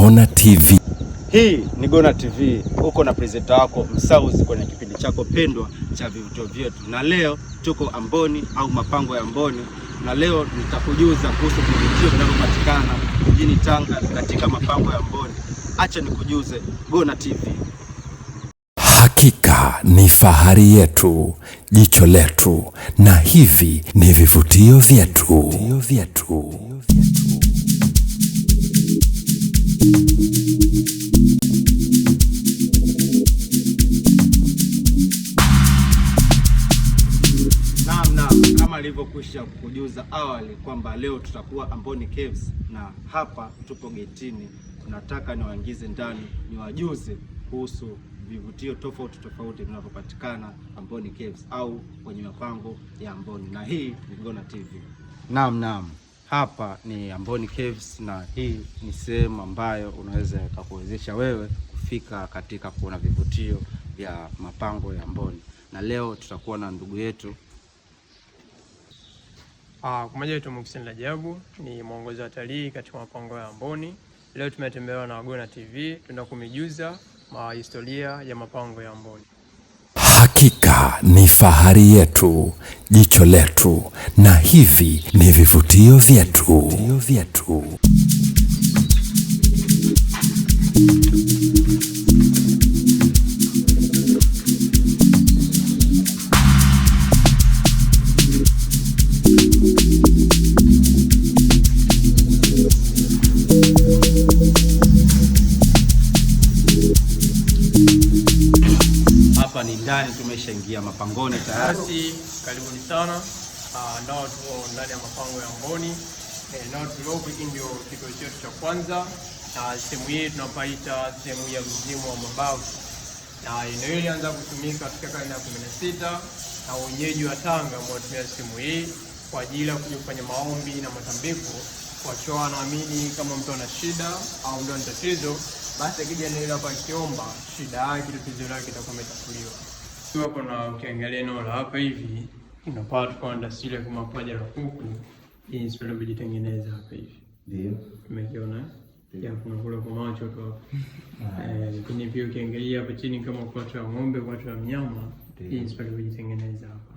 Gona TV. Hii ni Gona TV, uko na presenta wako Msauzi kwenye kipindi chako pendwa cha vivutio vyetu, na leo tuko Amboni au mapango ya Amboni, na leo nitakujuza kuhusu vivutio vinavyopatikana mjini Tanga katika mapango ya Amboni. Acha nikujuze Gona TV. Hakika ni fahari yetu, jicho letu, na hivi ni vivutio vyetu. Namna kama kujuza awali kwamba leo tutakuwa Amboni Caves na hapa tupo getini. Nataka niwaingize ndani niwajuze kuhusu vivutio tofauti tofauti vinavyopatikana Amboni Caves au kwenye mapango ya Amboni, na hii ni Gonna TV. Naam, naam. Hapa ni Amboni Caves na hii ni sehemu ambayo unaweza ikakuwezesha wewe kufika katika kuona vivutio vya mapango ya Amboni, na leo tutakuwa na ndugu yetu Ah, kwa majina yetu Muhsin Rajabu ni mwongozi wa watalii katika mapango ya Amboni. Leo tumetembelewa na Wagona TV, tunakumijuza mahistoria ya mapango ya Amboni ni fahari yetu, jicho letu, na hivi ni vivutio vyetu, ingia mapangoni tayari. Karibuni sana uh, nao tuko ndani ya mapango ya Mboni eh, nao tuliopo hiki ndio kituo chetu cha kwanza na sehemu hii tunapaita sehemu ya mzimu wa mabavu na eneo hili ilianza kutumika katika karne ya 16 na na wenyeji wa Tanga wanatumia sehemu hii kwa ajili ya kuja kufanya maombi na matambiko. Wakiwa wanaamini kama mtu ana shida au ndio ni tatizo, basi akija eneo hili hapa akiomba, shida yake, tatizo lake itakuwa imetatuliwa sio hapo. na ukiangalia eneo la hapa hivi inapaa tukaenda sile kwa mapaja la kuku hii jinsi tulivyojitengeneza hapa hivi. Ndio. Umekiona? Ya kuna kula kwa macho tu ah. Eh, lakini pia ukiangalia hapa chini kama kwato ya ng'ombe, kwato ya mnyama hii jinsi tulivyojitengeneza hapa.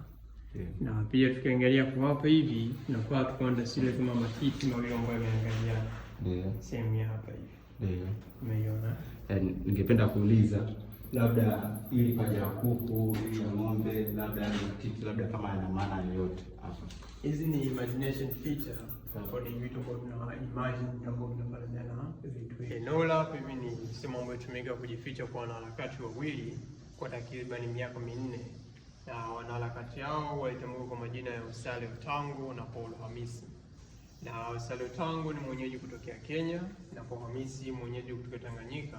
Na pia tukiangalia kwa hapa hivi na inapaa tukaenda sile kama matiti mawili ambayo yameangaliana. Ndio. Sehemu ya hapa hivi. Ndio. Umeiona? Eh, ningependa kuuliza labda ili paja ya kuku ya ng'ombe, labda titi, labda kama yana maana yoyote hapa. Hizi ni imagination feature kwa ni vitu ambavyo tuna imagine jambo linafanya na vitu. Enola mimi ni sehemu ambayo tumeweka kujificha kwa wanaharakati wawili kwa takriban miaka minne na wanaharakati hao walitambuliwa kwa majina ya Usale Tango na Paul Hamisi. Na Usale Tango ni mwenyeji kutokea Kenya na Paul Hamisi mwenyeji kutoka Tanganyika,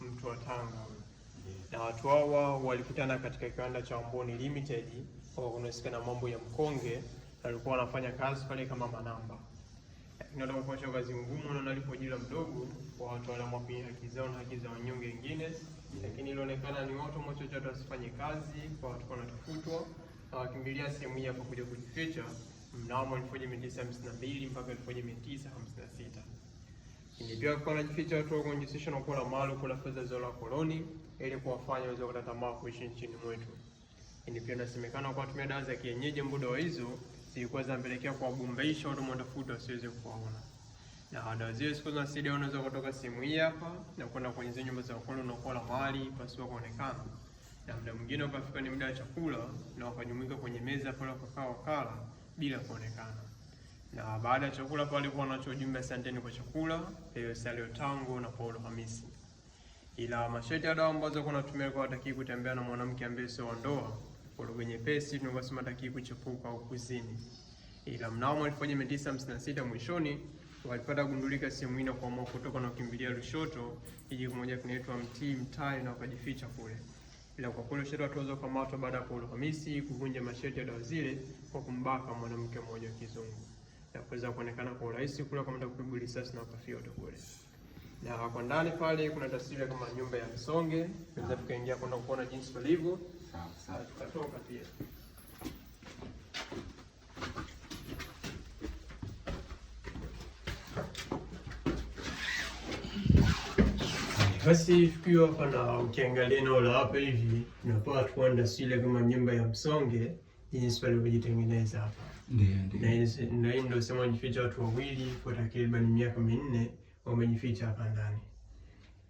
mtu wa Tanga na watu hawa walikutana katika kiwanda cha Amboni Limited kwa kunahusika na mambo ya mkonge, na walikuwa wanafanya kazi pale kama manamba, lakini walipofanya kazi ngumu na nalipo jira mdogo kwa watu wale ambao haki zao na haki za wanyonge wengine, lakini ilionekana ni watu mmoja watu wasifanye kazi kwa watu wanatafutwa na wakimbilia sehemu hii kuja kujificha mnamo 1952 mpaka 1956. Pia alikuwa anajificha watu wakujihusisha na kuwa na mali kula fedha zao la koloni ili kuwafanya waweze kukata tamaa kuishi nchini mwetu. Ni pia inasemekana kwa kutumia dawa za kienyeji mbudo wa hizo zilikuwa zinapelekea kuwagumbaisha watu mwatafuta wasiweze kuwaona. Na dawa zile siku zinasaidia unaweza kutoka sehemu hii hapa na kwenda kwenye zile nyumba za wakolo na kula na mali pasipo kuonekana. Na muda mwingine wakafika ni muda wa chakula na wakajumuika kwenye meza pale wakakaa wakala bila kuonekana. Na baada ya chakula pale alikuwa anacho ujumbe asanteni kwa chakula, Peyo Salio Tango na Paulo Hamisi. Ila masharti ya dawa ambazo kuna tumia kwa hataki kutembea na mwanamke ambaye sio ndoa, kwa lugha nyepesi tunasema hataki kuchepuka au kuzini. Ila mnamo 1956 mwishoni walipata gundulika sehemu ina kwa mwaka kutoka na kukimbilia Lushoto, kijiji kimoja kinaitwa Mtii Mtai na wakajificha kule. Ila kwa kule Lushoto watu wakamatwa baada ya Paulo Hamisi kuvunja masharti ya dawa zile kwa kumbaka mwanamke mmoja wa kizungu ya kuweza kuonekana kwa urahisi kule kwa mtu kupigwa risasi na kufia kule. Na kwa ndani pale kuna taswira kama nyumba ya msonge, tunaweza tukaingia kwenda kuona jinsi palivyo. Sawa sawa, tutatoka pia. Basi tukiwa hapa na ukiangalia eneo la hapa hivi, tunapata tukuwa na taswira kama nyumba ya msonge jinsi walivyojitengeneza hapa na hii ndio sema wamejificha watu wawili kwa takriban miaka minne, wamejificha hapa ndani.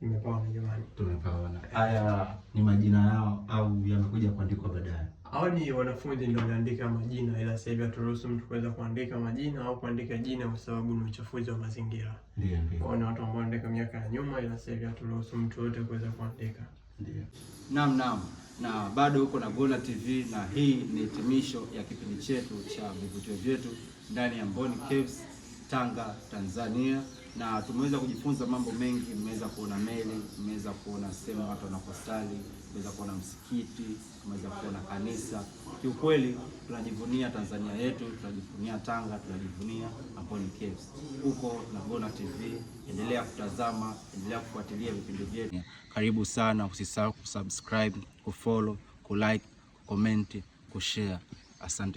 Nimepaona jamani, tumepaona. Haya ni majina yao au yamekuja kuandikwa baadaye? Hao ni wanafunzi ndio waliandika majina, ila sasa hivi haturuhusu mtu kuweza kuandika majina au kuandika jina kwa sababu ni uchafuzi wa mazingira. Ndio, kwa watu ambao wanaandika miaka ya nyuma, ila sasa hivi haturuhusu mtu yote kuweza kuandika. Ndio, naam, naam na bado huko na Gola TV, na hii ni hitimisho ya kipindi chetu cha vivutio vyetu ndani ya Mboni Caves, Tanga, Tanzania na tumeweza kujifunza mambo mengi. Mmeweza kuona meli, mmeweza kuona sehemu watu wanakostali, mmeweza kuona msikiti, mmeweza kuona kanisa. Kiukweli tunajivunia Tanzania yetu, tunajivunia Tanga, tunajivunia ni Caves. Huko Nagona TV, endelea kutazama, endelea kufuatilia vipindi vyetu. Karibu sana, usisahau kusubscribe, kufollow, kulike, kucomment, kushare. Asante.